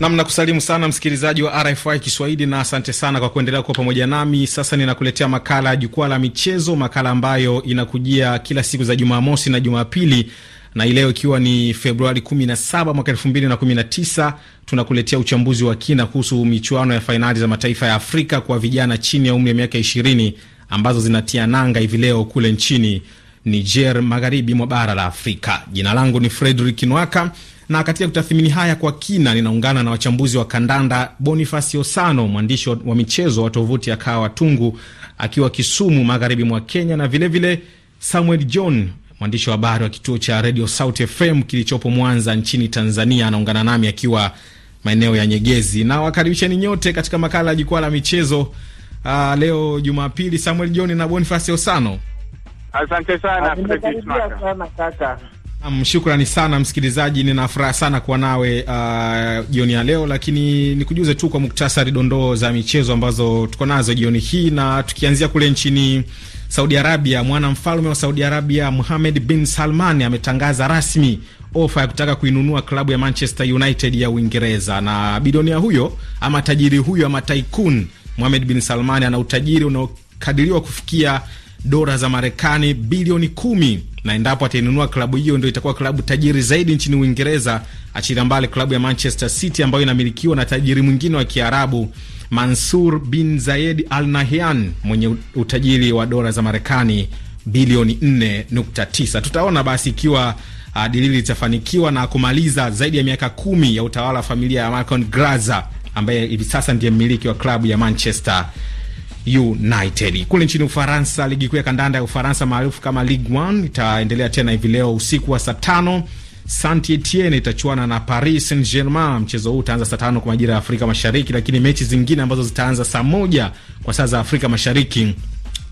Nam, kusalimu sana msikilizaji wa RFI Kiswahili na asante sana kwa kuendelea kuwa pamoja nami. Sasa ninakuletea makala ya jukwaa la michezo, makala ambayo inakujia kila siku za Jumamosi na Jumapili, na ileo ikiwa ni Februari 17 mwaka 2019, tunakuletea uchambuzi wa kina kuhusu michuano ya fainali za mataifa ya Afrika kwa vijana chini ya umri wa miaka 20 ambazo zinatia nanga hivi leo kule nchini Niger, magharibi mwa bara la Afrika. Jina langu ni Fredrick Nwaka. Na katika kutathimini haya kwa kina, ninaungana na wachambuzi wa kandanda Bonifasi Osano, mwandishi wa michezo wa tovuti ya Kaa Tungu akiwa Kisumu, magharibi mwa Kenya, na vilevile vile Samuel John, mwandishi wa habari wa kituo cha Radio South FM kilichopo Mwanza nchini Tanzania, anaungana nami akiwa maeneo ya Nyegezi. Na wakaribisheni nyote katika makala ya jukwaa la michezo uh, leo Jumapili. Samuel John na Bonifasi Osano, asante sana. Nam, shukrani sana msikilizaji, nina furaha sana kuwa nawe uh, jioni uh, ya leo, lakini nikujuze tu kwa muktasari dondoo za michezo ambazo tuko nazo jioni hii, na tukianzia kule nchini Saudi Arabia, mwana mfalme wa Saudi Arabia Muhamed bin Salman ametangaza rasmi ofa ya kutaka kuinunua klabu ya Manchester United ya Uingereza, na bilionia huyo ama tajiri huyo ama tycoon Muhamed bin Salman ana utajiri unaokadiriwa kufikia dola za Marekani bilioni kumi na endapo atainunua klabu hiyo ndio itakuwa klabu tajiri zaidi nchini Uingereza, achilia mbali klabu ya Manchester City ambayo inamilikiwa na tajiri mwingine wa Kiarabu Mansur bin Zayed Al Nahyan mwenye utajiri wa dola za Marekani bilioni 4.9. Tutaona basi ikiwa uh, ah, dilili litafanikiwa na kumaliza zaidi ya miaka kumi ya utawala wa familia ya Malcolm Glazer ambaye hivi sasa ndiye mmiliki wa klabu ya Manchester United. Kule nchini Ufaransa, ligi kuu ya kandanda ya Ufaransa maarufu kama Ligue 1 itaendelea tena hivi leo usiku wa saa tano. Saint Etienne itachuana na Paris Saint Germain. Mchezo huu utaanza saa tano kwa majira ya Afrika Mashariki, lakini mechi zingine ambazo zitaanza saa moja kwa saa za Afrika Mashariki,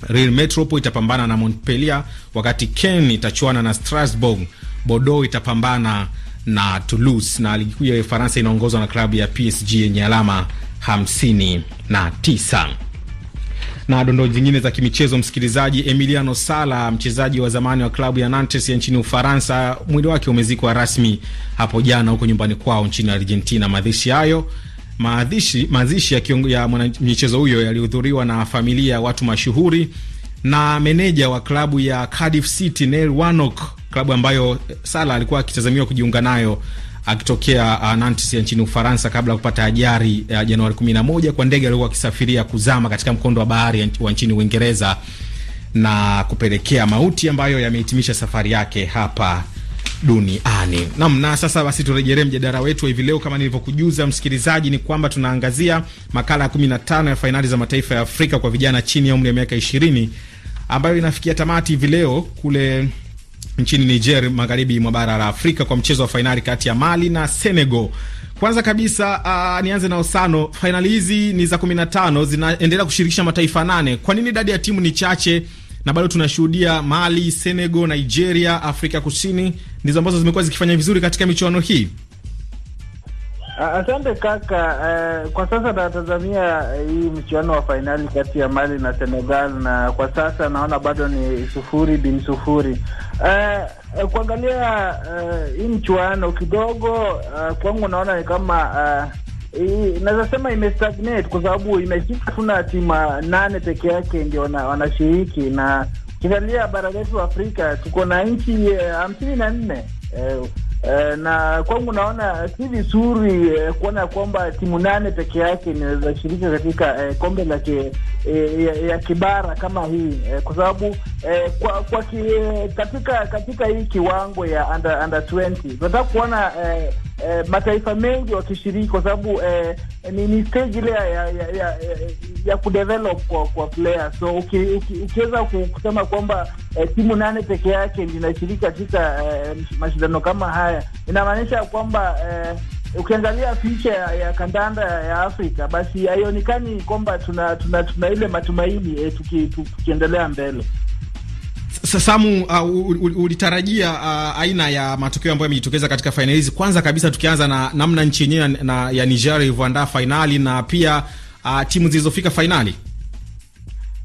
Real Metropole itapambana na Montpellier, wakati Ken itachuana na Strasbourg, Bordeaux itapambana na Toulouse, na ligi kuu ya Ufaransa inaongozwa na klabu ya PSG yenye alama 59. Na dondoo zingine za kimichezo, msikilizaji, Emiliano Sala, mchezaji wa zamani wa klabu ya Nantes ya nchini Ufaransa, mwili wake umezikwa rasmi hapo jana huko nyumbani kwao nchini Argentina. Mazishi hayo mazishi mazishi ya, ya mwanamichezo huyo yalihudhuriwa na familia ya watu mashuhuri na meneja wa klabu ya Cardiff City Neil Warnock, klabu ambayo Sala alikuwa akitazamiwa kujiunga nayo akitokea uh, Nantes ya nchini Ufaransa kabla ya kupata ajali uh, Januari 11 kwa ndege aliyokuwa akisafiria kuzama katika mkondo wa bahari wa nchini Uingereza na kupelekea mauti ambayo yamehitimisha safari yake hapa duniani. Naam, na sasa basi turejelee mjadala wetu wa hivi leo. Kama nilivyokujuza msikilizaji, ni kwamba tunaangazia makala ya 15 ya fainali za mataifa ya Afrika kwa vijana chini ya umri wa miaka 20 ambayo inafikia tamati hivi leo kule nchini Niger, magharibi mwa bara la Afrika, kwa mchezo wa fainali kati ya Mali na Senegal. Kwanza kabisa uh, nianze na Osano. Fainali hizi ni za kumi na tano zinaendelea kushirikisha mataifa nane. Kwa nini idadi ya timu ni chache na bado tunashuhudia Mali, Senegal, Nigeria, Afrika Kusini ndizo ambazo zimekuwa zikifanya vizuri katika michuano hii? Ah, asante kaka. Uh, kwa sasa natazamia eh, hii mchuano wa fainali kati ya Mali na Senegal, na kwa sasa naona bado ni sufuri bin sufuri Uh, kuangalia uh, hii mchuano kidogo uh, kwangu naona ni kama uh, naweza sema imestagnate kwa sababu imeshika tuna timu ah, nane peke yake ndio wanashiriki, na ukiangalia bara letu Afrika tuko na nchi hamsini uh, na nne uh, Eh, na kwangu naona si vizuri uh, kuona kwamba timu nane peke yake inaweza shiriki katika uh, kombe la ke, ya, ya kibara kama hii uh, kwa sababu uh, kwa, kwa ki, katika katika hii kiwango ya under, under 20 tunataka kuona uh, eh, mataifa mengi wakishiriki, kwa sababu eh, ni, ni stage ile ya, ya, ya, ya, ya kudevelop kwa, kwa player. So ukiweza uki, uki kusema kwamba eh, timu nane peke yake inashiriki katika eh, mashindano kama haya inamaanisha kwamba eh, ukiangalia picha ya, ya kandanda ya Afrika basi haionekani kwamba tuna, tuna, tuna ile matumaini eh, tuki, tukiendelea mbele. Sasamu, uh, ulitarajia uh, aina ya matokeo ambayo yamejitokeza katika fainali hizi, kwanza kabisa tukianza na namna nchi yenyewe na, ya niger ilivyoandaa fainali na pia uh, timu zilizofika fainali.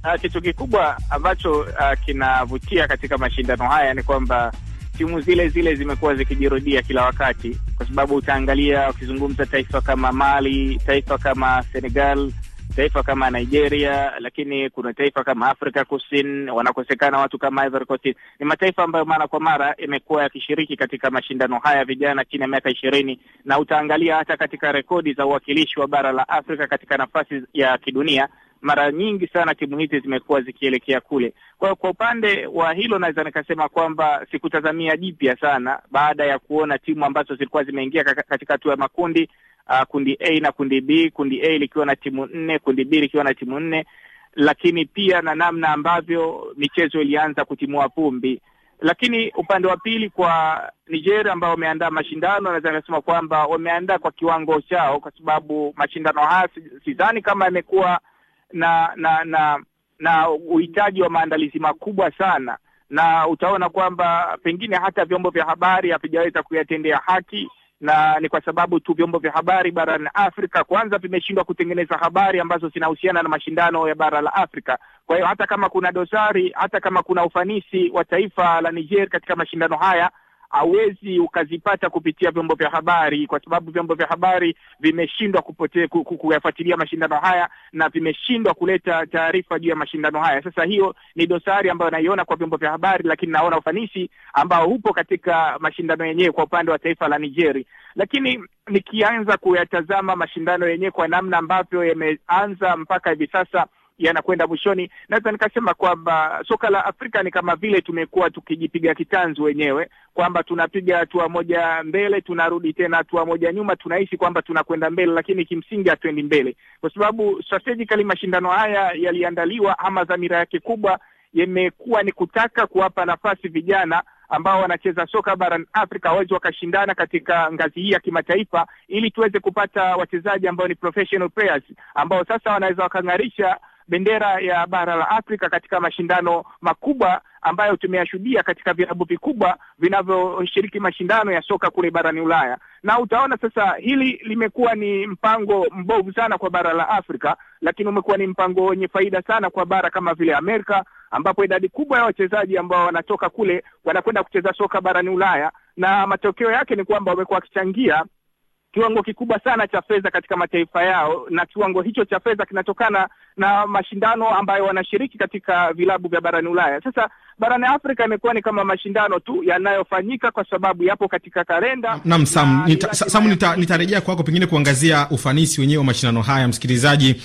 Uh, kitu kikubwa ambacho uh, kinavutia katika mashindano haya ni kwamba timu zile zile zimekuwa zikijirudia kila wakati, kwa sababu utaangalia, ukizungumza taifa kama Mali, taifa kama Senegal taifa kama Nigeria, lakini kuna taifa kama Afrika Kusini, wanakosekana watu kama Ivory Coast. Ni mataifa ambayo mara kwa mara yamekuwa yakishiriki katika mashindano haya vijana chini ya miaka ishirini, na utaangalia hata katika rekodi za uwakilishi wa bara la Afrika katika nafasi ya kidunia mara nyingi sana timu hizi zimekuwa zikielekea kule. Kwa hiyo kwa upande wa hilo, naweza nikasema kwamba sikutazamia jipya sana, baada ya kuona timu ambazo zilikuwa zimeingia katika hatua ya makundi uh, kundi A na kundi B, kundi A likiwa na timu nne, kundi B likiwa na timu nne, lakini pia na namna ambavyo michezo ilianza kutimua vumbi. Lakini upande wa pili kwa Nigeria ambao wameandaa mashindano, naweza nikasema kwamba wameandaa kwa kiwango chao, kwa sababu mashindano haya sidhani kama yamekuwa na na na na uhitaji wa maandalizi makubwa sana, na utaona kwamba pengine hata vyombo vya habari havijaweza kuyatendea haki na ni kwa sababu tu vyombo vya habari barani Afrika kwanza vimeshindwa kutengeneza habari ambazo zinahusiana na mashindano ya bara la Afrika. Kwa hiyo hata kama kuna dosari, hata kama kuna ufanisi wa taifa la Niger katika mashindano haya, hawezi ukazipata kupitia vyombo vya habari, kwa sababu vyombo vya habari vimeshindwa kupotea kuyafuatilia mashindano haya na vimeshindwa kuleta taarifa juu ya mashindano haya. Sasa hiyo ni dosari ambayo naiona kwa vyombo vya habari, lakini naona ufanisi ambao upo katika mashindano yenyewe kwa upande wa taifa la Nigeri. Lakini nikianza kuyatazama mashindano yenyewe kwa namna ambavyo yameanza mpaka hivi sasa yanakwenda mwishoni, naweza nikasema kwamba soka la Afrika ni kama vile tumekuwa tukijipiga kitanzu wenyewe kwamba tunapiga hatua moja mbele, tunarudi tena hatua moja nyuma, tunahisi kwamba tunakwenda mbele, lakini kimsingi hatuendi mbele, kwa sababu strategically mashindano haya yaliandaliwa, ama dhamira yake kubwa yamekuwa ni kutaka kuwapa nafasi vijana ambao wanacheza soka barani Afrika waweze wakashindana katika ngazi hii ya kimataifa, ili tuweze kupata wachezaji ambao ni professional players ambao sasa wanaweza wakang'arisha bendera ya bara la Afrika katika mashindano makubwa ambayo tumeyashuhudia katika vilabu vikubwa vinavyoshiriki mashindano ya soka kule barani Ulaya. Na utaona sasa hili limekuwa ni mpango mbovu sana kwa bara la Afrika, lakini umekuwa ni mpango wenye faida sana kwa bara kama vile Amerika, ambapo idadi kubwa ya wachezaji ambao wanatoka kule wanakwenda kucheza soka barani Ulaya, na matokeo yake ni kwamba wamekuwa wakichangia kiwango kikubwa sana cha fedha katika mataifa yao, na kiwango hicho cha fedha kinatokana na mashindano ambayo wanashiriki katika vilabu vya barani Ulaya. Sasa barani Afrika imekuwa ni kama mashindano tu yanayofanyika kwa sababu yapo katika kalenda. Naam, Sam, nita, Sam nitarejea nita, nita kwako pengine kuangazia ufanisi wenyewe wa mashindano haya. Msikilizaji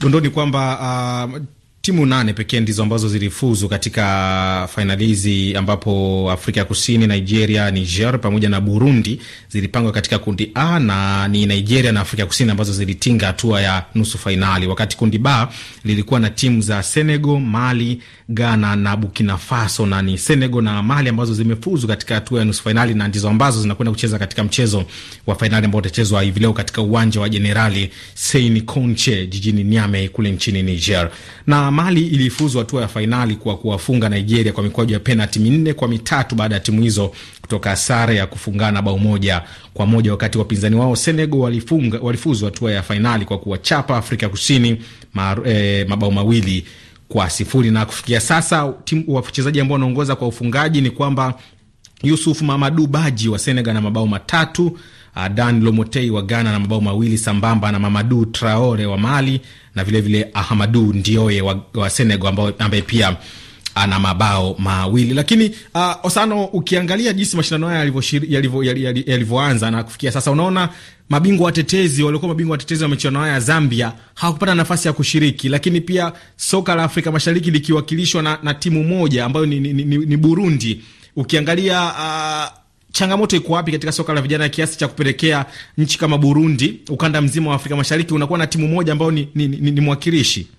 dondoni kwamba uh, Timu nane pekee ndizo ambazo zilifuzu katika fainali hizi ambapo Afrika ya Kusini, Nigeria, Niger pamoja na Burundi zilipangwa katika kundi A na ni Nigeria na Afrika ya Kusini ambazo zilitinga hatua ya nusu fainali, wakati kundi B lilikuwa na timu za Senegal, Mali, Ghana na Burkina Faso, na ni Senegal na Mali ambazo zimefuzu katika hatua ya nusu fainali na ndizo ambazo zinakwenda kucheza katika mchezo wa fainali ambao utachezwa hivi leo katika uwanja wa Jenerali Seyni Konche jijini Niamey kule nchini Niger na Mali ilifuzu hatua ya fainali kwa kuwafunga Nigeria kwa mikwaju ya penalti minne kwa mitatu baada ya timu hizo kutoka sare ya kufungana bao moja kwa moja, wakati wapinzani wao Senegal walifunga, walifuzu hatua ya fainali kwa kuwachapa Afrika Kusini mar, eh, mabao mawili kwa sifuri na kufikia sasa wachezaji ambao wanaongoza kwa ufungaji ni kwamba Yusuf Mamadu Baji wa Senegal na mabao matatu uh, Dan Lomotei wa Ghana na mabao mawili sambamba na Mamadu Traore wa Mali na vilevile vile Ahamadu Ndioye wa, wa Senegal ambaye pia ana mabao mawili lakini uh, Osano, ukiangalia jinsi mashindano haya yalivyoanza na kufikia sasa, unaona mabingwa watetezi waliokuwa mabingwa watetezi wa michuano haya Zambia hawakupata nafasi ya kushiriki, lakini pia soka la Afrika Mashariki likiwakilishwa na, na timu moja ambayo ni, ni, ni, ni Burundi. Ukiangalia uh, changamoto iko wapi katika soka la vijana kiasi cha kupelekea nchi kama Burundi, ukanda mzima wa Afrika Mashariki unakuwa na timu moja ambayo ni, ni, ni, ni mwakilishi?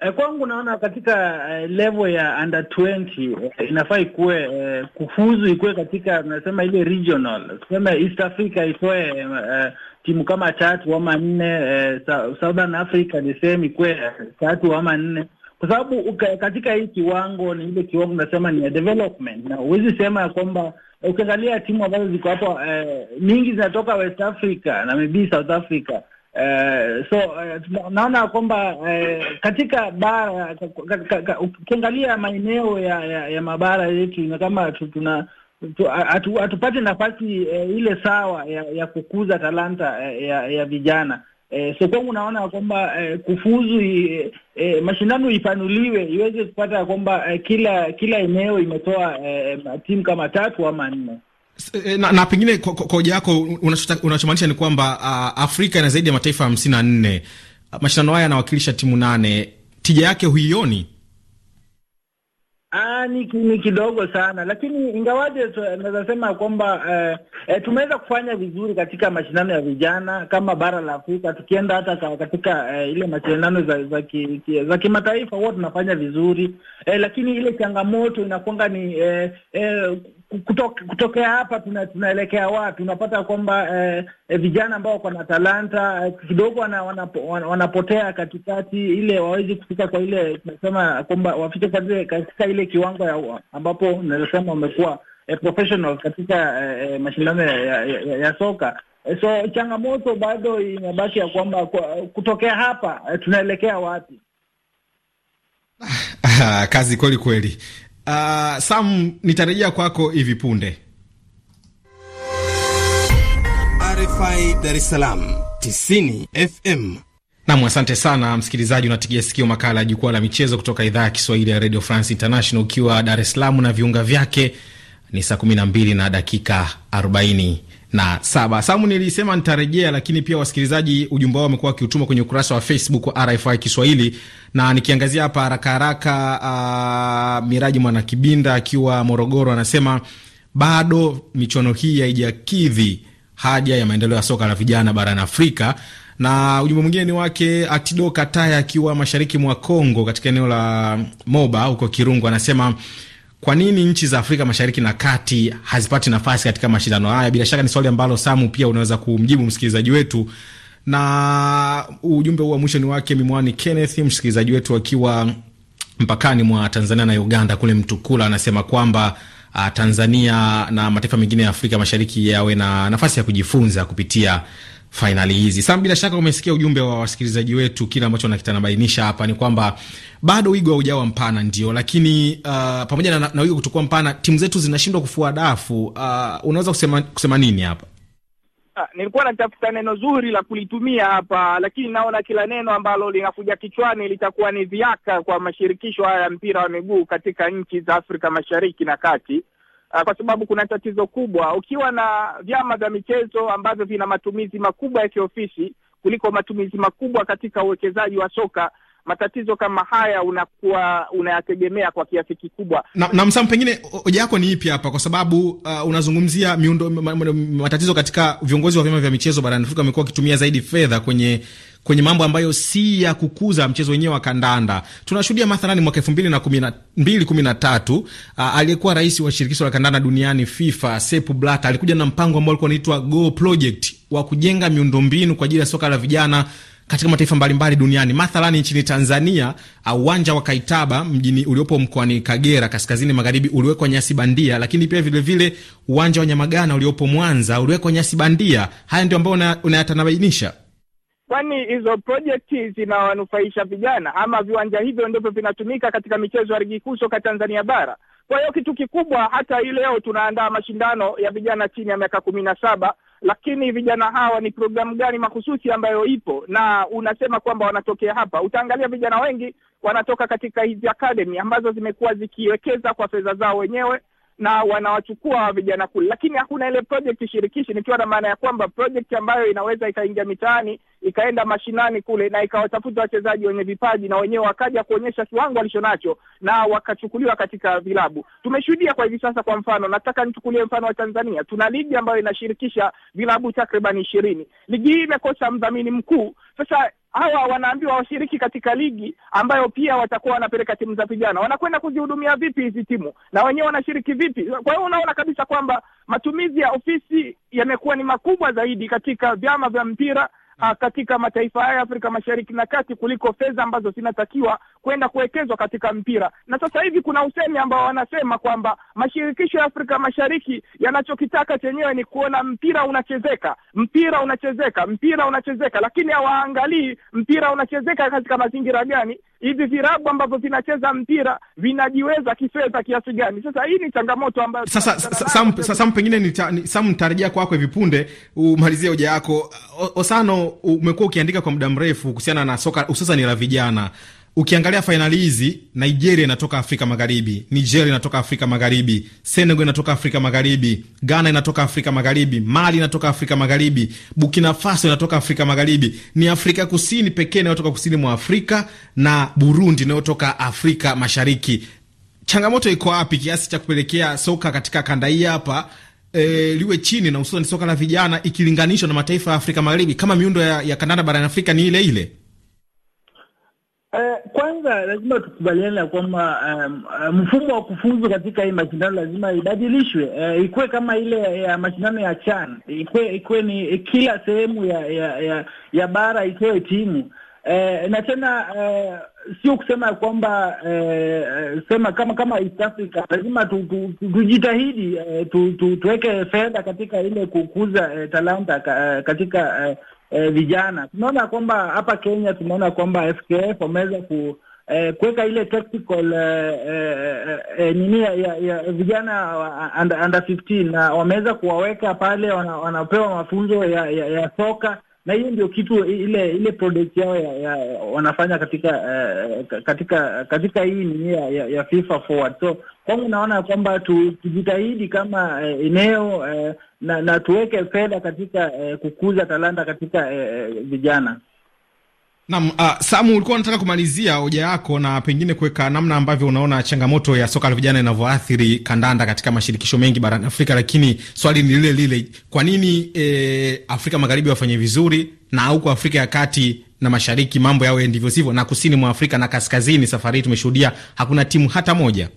E, kwangu naona katika uh, level ya under 20 eh, inafaa ikuwe uh, kufuzu ikuwe katika mnasema ile regional, tuseme East Africa ikuwe uh, timu kama tatu ama nne, uh, Southern Africa ni same ikuwe tatu ama nne kwa sababu katika hii kiwango ni ile kiwango nasema ni ya development, na huwezi sema ya kwamba ukiangalia timu ambazo ziko hapo eh, nyingi zinatoka West Africa na maybe South Africa eh, so eh, naona kwamba eh, katika bara ukiangalia maeneo ya, ya, ya mabara yetu na kama tuna hatupate nafasi eh, ile sawa ya, ya kukuza talanta eh, ya, ya vijana E, so kwangu unaona kwamba e, kufuzu i, e, mashindano ipanuliwe iweze kupata kwamba e, kila kila eneo imetoa e, timu kama tatu ama nne. Na, na pengine kwa hoja yako unachomaanisha ni kwamba uh, Afrika ina zaidi ya mataifa hamsini na nne. Mashindano haya yanawakilisha timu nane, tija yake huioni? Aa, ah, ni, ni kidogo sana lakini ingawaje naweza sema kwamba eh, eh, tumeweza kufanya vizuri katika mashindano ya vijana kama bara la Afrika, tukienda hata katika eh, ile mashindano za za, ki, ki, za kimataifa huwa tunafanya vizuri eh, lakini ile changamoto inakuanga ni eh, eh, kutoke, kutokea hapa tuna, tunaelekea wapi? Unapata kwamba eh, eh, vijana ambao wako na talanta eh, kidogo wana, wanapo, wanapotea katikati ile, wawezi kufika kwa ile tunasema kwamba wafike katika ile kiwango ya, ambapo nawezasema wamekuwa eh, professional katika eh, eh, mashindano ya, ya, ya, ya soka eh, so changamoto bado inabaki ya kwamba kwa, kutokea hapa tunaelekea wapi? Ah, kazi kweli kweli. Uh, Sam, nitarejea kwako hivi punde. RFI Dar es Salaam 90 FM. Nam, asante sana msikilizaji, unatigia sikio makala ya jukwaa la michezo kutoka idhaa ya Kiswahili ya Radio France International, ukiwa Dar es Salaam na viunga vyake. Ni saa 12 na dakika 40 na saba. Samu, nilisema nitarejea, lakini pia wasikilizaji ujumbe wao wamekuwa wakiutuma kwenye ukurasa wa Facebook wa RFI Kiswahili, na nikiangazia hapa haraka haraka, uh, Miraji Mwanakibinda akiwa Morogoro anasema bado michuano hii haijakidhi haja ya maendeleo ya soka la vijana barani Afrika. Na ujumbe mwingine ni wake Atido Kataya akiwa mashariki mwa Kongo katika eneo la Moba huko Kirungu, anasema kwa nini nchi za Afrika Mashariki na Kati hazipati nafasi katika mashindano haya? Bila shaka ni swali ambalo Samu pia unaweza kumjibu msikilizaji wetu na ujumbe huu wa mwisho ni wake Mimwani Kenneth, msikilizaji wetu akiwa mpakani mwa Tanzania na Uganda kule Mtukula, anasema kwamba ah, Tanzania na mataifa mengine ya Afrika Mashariki yawe na nafasi ya kujifunza kupitia fainali hizi. Sam, bila shaka umesikia ujumbe wa wasikilizaji wetu. Kile ambacho nakitanabainisha hapa ni kwamba bado wigo haujawa mpana, ndio, lakini uh, pamoja na, na wigo kutokuwa mpana, timu zetu zinashindwa kufua dafu. Uh, unaweza kusema, kusema nini hapa? Ah, nilikuwa natafuta neno zuri la kulitumia hapa, lakini naona kila neno ambalo linakuja kichwani litakuwa ni viaka kwa mashirikisho haya ya mpira wa miguu katika nchi za Afrika Mashariki na Kati uh, kwa sababu kuna tatizo kubwa. Ukiwa na vyama vya michezo ambavyo vina matumizi makubwa ya kiofisi kuliko matumizi makubwa katika uwekezaji wa soka, matatizo kama haya unakuwa unayategemea kwa kiasi kikubwa. Na, na Msamu, pengine hoja yako ni ipi hapa? Kwa sababu uh, unazungumzia miundo matatizo katika viongozi wa vyama vya michezo barani Afrika wamekuwa wakitumia zaidi fedha kwenye kwenye mambo ambayo si ya kukuza mchezo wenyewe wa kandanda. Tunashuhudia mathalani mwaka elfu mbili na kumi na mbili kumi na tatu aliyekuwa rais wa shirikisho la kandanda duniani FIFA Sepp Blatter alikuja na mpango ambao ulikuwa unaitwa Go Project wa kujenga miundombinu kwa ajili ya soka la vijana katika mataifa mbalimbali duniani. Mathalani nchini Tanzania, uwanja wa Kaitaba mjini uliopo mkoani Kagera kaskazini magharibi uliwekwa nyasi bandia, lakini pia vilevile uwanja wa Nyamagana uliopo Mwanza uliwekwa nyasi bandia. Haya ndio ambayo unayatanabainisha una kwani hizo projekti zinawanufaisha vijana ama viwanja hivyo ndivyo vinatumika katika michezo ya ligi kuu soka Tanzania bara. Kwa hiyo kitu kikubwa, hata hii leo tunaandaa mashindano ya vijana chini ya miaka kumi na saba, lakini vijana hawa ni programu gani mahususi ambayo ipo na unasema kwamba wanatokea hapa? Utaangalia vijana wengi wanatoka katika hizi akademi ambazo zimekuwa zikiwekeza kwa fedha zao wenyewe na wanawachukua vijana kule, lakini hakuna ile project shirikishi, nikiwa na maana ya kwamba project ambayo inaweza ikaingia mitaani ikaenda mashinani kule na ikawatafuta wachezaji wenye vipaji na wenyewe wakaja kuonyesha kiwango alichonacho na wakachukuliwa katika vilabu. Tumeshuhudia kwa hivi sasa, kwa mfano, nataka nichukulie mfano wa Tanzania. Tuna ligi ambayo inashirikisha vilabu takriban ishirini. Ligi hii imekosa mdhamini mkuu. Sasa hawa wanaambiwa washiriki katika ligi ambayo pia watakuwa wanapeleka timu za vijana. Wanakwenda kuzihudumia vipi hizi timu na wenyewe wanashiriki vipi? Kwa hiyo unaona kabisa kwamba matumizi ya ofisi yamekuwa ni makubwa zaidi katika vyama vya mpira ah, katika mataifa haya Afrika Mashariki na Kati kuliko fedha ambazo zinatakiwa kwenda kuwekezwa katika mpira. Na sasa hivi kuna usemi ambao wanasema kwamba mashirikisho ya Afrika Mashariki yanachokitaka chenyewe ni kuona mpira unachezeka, mpira unachezeka, mpira unachezeka, lakini hawaangalii mpira unachezeka katika mazingira gani, hivi virabu ambavyo vinacheza mpira vinajiweza kifedha kiasi gani? Sasa hii ni changamoto ambayo sasa Sam, Sam, pengine ni Sam, nitarejea kwako hivi punde umalizie hoja yako. Osano, umekuwa ukiandika kwa muda mrefu kuhusiana na soka hususani la vijana ukiangalia fainali hizi, Nigeria inatoka Afrika Magharibi, Nigeria inatoka Afrika Magharibi, Senegal inatoka Afrika Magharibi, Ghana inatoka Afrika Magharibi, Mali inatoka Afrika Magharibi, Burkina Faso inatoka Afrika Magharibi. Ni Afrika Kusini pekee inayotoka kusini mwa Afrika na Burundi inayotoka Afrika Mashariki. Changamoto iko wapi kiasi cha kupelekea soka katika kanda hii hapa E, liwe chini na hususan soka la vijana ikilinganishwa na mataifa ya Afrika Magharibi, kama miundo ya, ya kandanda barani Afrika ni ile ile. Eh, kwanza lazima tukubaliane ya kwamba um, mfumo wa kufuzu katika hii mashindano lazima ibadilishwe. eh, ikuwe kama ile ya mashindano ya CHAN, ikuwe ikuwe ni kila sehemu ya ya ya, ya bara itoe timu eh, na tena eh, sio kusema ya kwamba eh, sema kama kama East Africa lazima tujitahidi tu, tu, eh, tu, tu, tuweke fedha katika ile kukuza eh, talanta eh, katika eh, eh, vijana. Tunaona kwamba hapa Kenya tunaona kwamba FKF wameweza ku eh, kuweka ile tactical eh, eh, eh, nini ya, ya, ya vijana under, under 15 na wameweza kuwaweka pale, wana, wanapewa mafunzo ya, ya, ya soka na hiyo ndio kitu ile ile product yao ya, ya, wanafanya katika uh, katika katika hii nini ya, ya, ya FIFA Forward. So kwangu naona kwamba tujitahidi kama uh, eneo uh, na, na tuweke fedha katika eh, kukuza talanta katika eh, eh, vijana eh, Naam, uh, Samu ulikuwa unataka kumalizia hoja yako na pengine kuweka namna ambavyo unaona changamoto ya soka la vijana inavyoathiri kandanda katika mashirikisho mengi barani Afrika, lakini swali ni lile lile, kwa nini eh, Afrika Magharibi wafanye vizuri na huko Afrika ya Kati na Mashariki mambo yawe ndivyo sivyo, na kusini mwa Afrika na kaskazini, safari hii tumeshuhudia hakuna timu hata moja?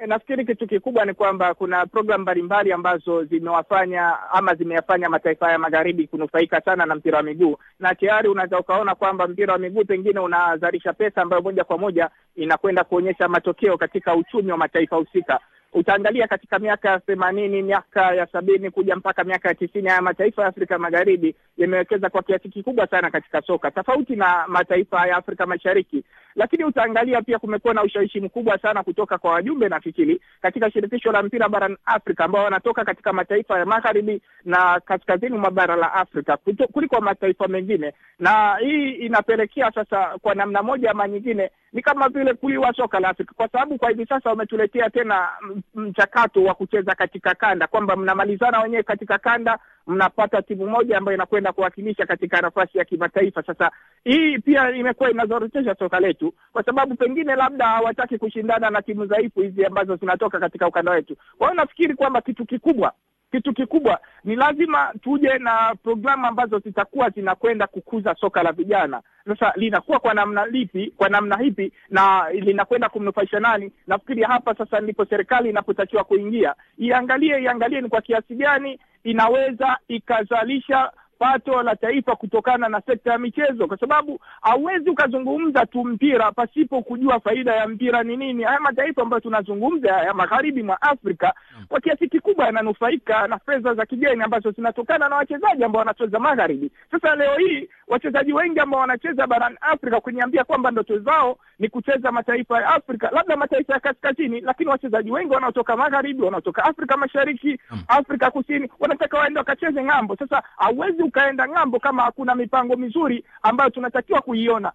E, nafikiri kitu kikubwa ni kwamba kuna programu mbalimbali ambazo zimewafanya ama zimeyafanya mataifa ya magharibi kunufaika sana na mpira wa miguu, na tayari unaweza ukaona kwamba mpira wa miguu pengine unazalisha pesa ambayo moja kwa moja inakwenda kuonyesha matokeo katika uchumi wa mataifa husika utaangalia katika miaka ya themanini, miaka ya sabini kuja mpaka miaka ya tisini, haya mataifa ya Afrika Magharibi yamewekeza kwa kiasi kikubwa sana katika soka, tofauti na mataifa ya Afrika Mashariki. Lakini utaangalia pia kumekuwa na ushawishi mkubwa sana kutoka kwa wajumbe, nafikiri, katika shirikisho la mpira barani Afrika ambao wanatoka katika mataifa ya magharibi na kaskazini mwa bara la Afrika kuliko mataifa mengine, na hii inapelekea sasa, kwa namna moja ama nyingine, ni kama vile kuliwa soka la Afrika, kwa sababu kwa hivi sasa wametuletea tena mchakato wa kucheza katika kanda, kwamba mnamalizana wenyewe katika kanda, mnapata timu moja ambayo inakwenda kuwakilisha katika nafasi ya kimataifa. Sasa hii pia imekuwa inazorotesha soka letu, kwa sababu pengine labda hawataki kushindana na timu dhaifu hizi ambazo zinatoka katika ukanda wetu. Kwa hiyo nafikiri kwamba kitu kikubwa kitu kikubwa ni lazima tuje na programu ambazo zitakuwa zinakwenda kukuza soka la vijana. Sasa linakuwa kwa namna lipi, kwa namna hipi, na linakwenda kumnufaisha nani? Nafikiri hapa sasa ndipo serikali inapotakiwa kuingia, iangalie iangalie ni kwa kiasi gani inaweza ikazalisha pato la taifa kutokana na sekta ya michezo, kwa sababu hauwezi ukazungumza tu mpira pasipo kujua faida ya mpira ni nini. Haya mataifa ambayo tunazungumza ya magharibi mwa Afrika hmm. kwa kiasi kikubwa yananufaika na fedha za kigeni ambazo zinatokana na wachezaji ambao wanacheza magharibi. Sasa leo hii wachezaji wengi ambao wanacheza barani Afrika kuniambia kwamba ndoto zao ni kucheza mataifa ya Afrika, labda mataifa ya kaskazini, lakini wachezaji wengi wanaotoka magharibi, wanaotoka Afrika Mashariki, hmm. Afrika Kusini, wanataka waende wakacheze ng'ambo. Sasa hauwezi ukaenda ng'ambo kama hakuna mipango mizuri ambayo tunatakiwa kuiona.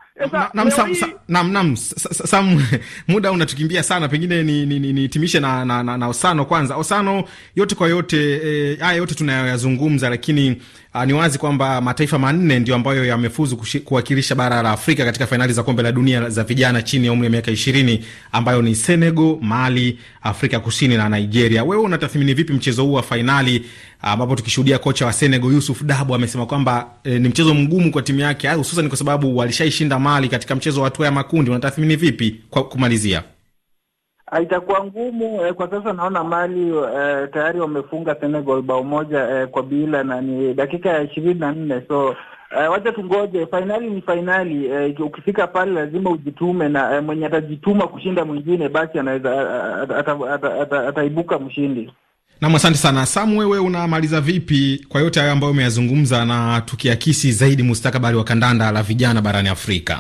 nam sam, muda unatukimbia sana, pengine nihitimishe ni, ni, ni na, na, na, na Osano kwanza. Osano, yote kwa yote eh, haya eh, yote tunayoyazungumza, lakini Ah, ni wazi kwamba mataifa manne ndio ambayo yamefuzu kuwakilisha bara la Afrika katika fainali za kombe la dunia za vijana chini ya umri wa miaka ishirini ambayo ni Senegal, Mali, Afrika Kusini na Nigeria. Wewe unatathmini vipi mchezo huu wa fainali ambapo tukishuhudia kocha wa Senegal Yusuf Dabo amesema kwamba e, ni mchezo mgumu kwa timu yake hususan kwa sababu walishaishinda Mali katika mchezo wa hatua ya makundi. Unatathmini vipi kwa kumalizia? Itakuwa ngumu eh, kwa sasa naona Mali eh, tayari wamefunga Senegal bao moja eh, kwa bila na ni dakika ya ishirini na nne so eh, wacha tungoje. Fainali ni fainali eh, ukifika pale lazima ujitume na eh, mwenye atajituma kushinda mwingine basi anaweza ataibuka mshindi. Nam, asante sana Sam. Wewe unamaliza vipi kwa yote hayo ambayo umeyazungumza, na tukiakisi zaidi mustakabali wa kandanda la vijana barani Afrika?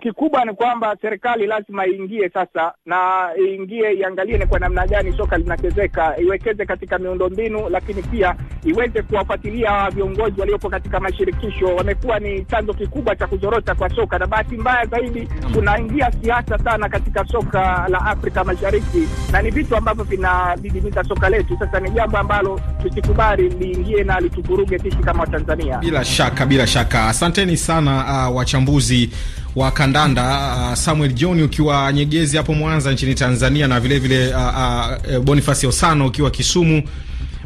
Kikubwa ni kwamba serikali lazima iingie sasa, na iingie iangalie ni kwa namna gani soka linachezeka, iwekeze katika miundo mbinu lakini pia iweze kuwafuatilia viongozi waliopo katika mashirikisho. Wamekuwa ni chanzo kikubwa cha kuzorota kwa soka, na bahati mbaya zaidi tunaingia siasa sana katika soka la Afrika Mashariki, na ni vitu ambavyo vinadidimiza soka letu. Sasa ni jambo ambalo tusikubali liingie na lituvuruge sisi kama Watanzania. Bila shaka, bila shaka. Asanteni sana uh, wachambuzi wa kandanda uh, Samuel John ukiwa Nyegezi hapo Mwanza nchini Tanzania, na vilevile vile, uh, uh, Boniface Osano ukiwa Kisumu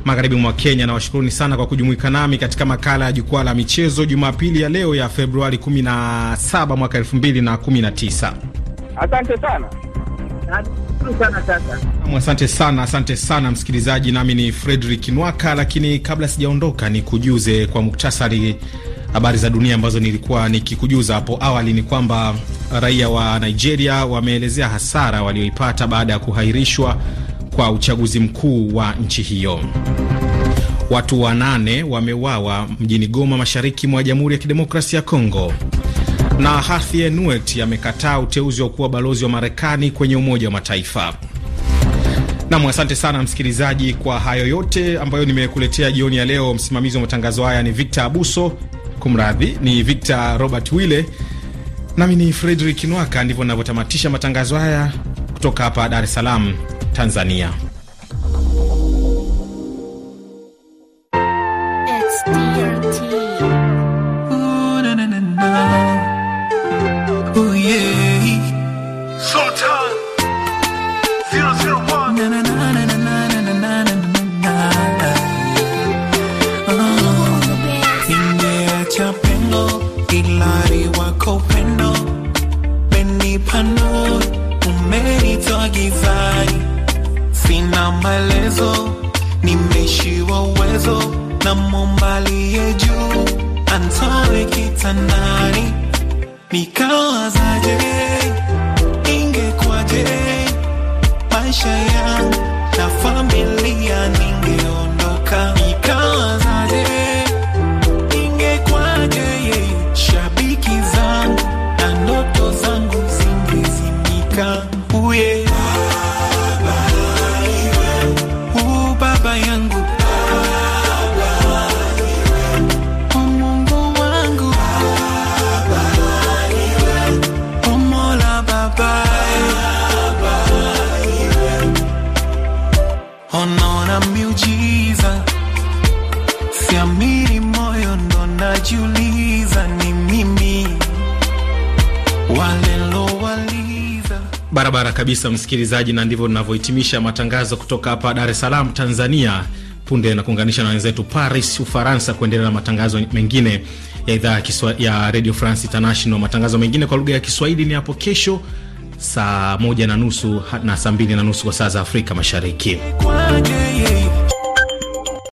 magharibi mwa Kenya. Nawashukuruni sana kwa kujumuika nami katika makala ya jukwaa la michezo Jumapili ya leo ya Februari 17 mwaka 2019. Asante sana. Asante sana, asante sana msikilizaji, nami ni Frederick Nwaka, lakini kabla sijaondoka, ni kujuze kwa muktasari habari za dunia ambazo nilikuwa nikikujuza hapo awali ni kwamba raia wa Nigeria wameelezea hasara walioipata baada ya kuhairishwa kwa uchaguzi mkuu wa nchi hiyo. Watu wanane wameuawa mjini Goma, mashariki mwa Jamhuri ya Kidemokrasia ya Kongo. Na Hathie Nuet amekataa uteuzi wa kuwa balozi wa Marekani kwenye Umoja wa Mataifa. Nam, asante sana msikilizaji kwa hayo yote ambayo nimekuletea jioni ya leo. Msimamizi wa matangazo haya ni Victor Abuso kumradhi, ni Victor Robert wille nami ni Frederick Nwaka. Ndivyo navyotamatisha matangazo haya kutoka hapa Dar es Salaam, Tanzania. cha pendo, ilari wako upendo umenipanua, umenitoa gizani, sina maelezo, nimeshiwa uwezo, na Muumba aliye juu anitoe kitandani, nikawazaje, ingekuwaje maisha yangu na familia, ningeondoka nikawaza kabisa msikilizaji, na ndivyo tunavyohitimisha matangazo kutoka hapa Dar es Salaam, Tanzania. Punde na kuunganisha na wenzetu Paris, Ufaransa, kuendelea na matangazo mengine ya idhaa ya Radio France International. Matangazo mengine kwa lugha ya Kiswahili ni hapo kesho saa moja na nusu na saa mbili na nusu kwa saa za Afrika Mashariki.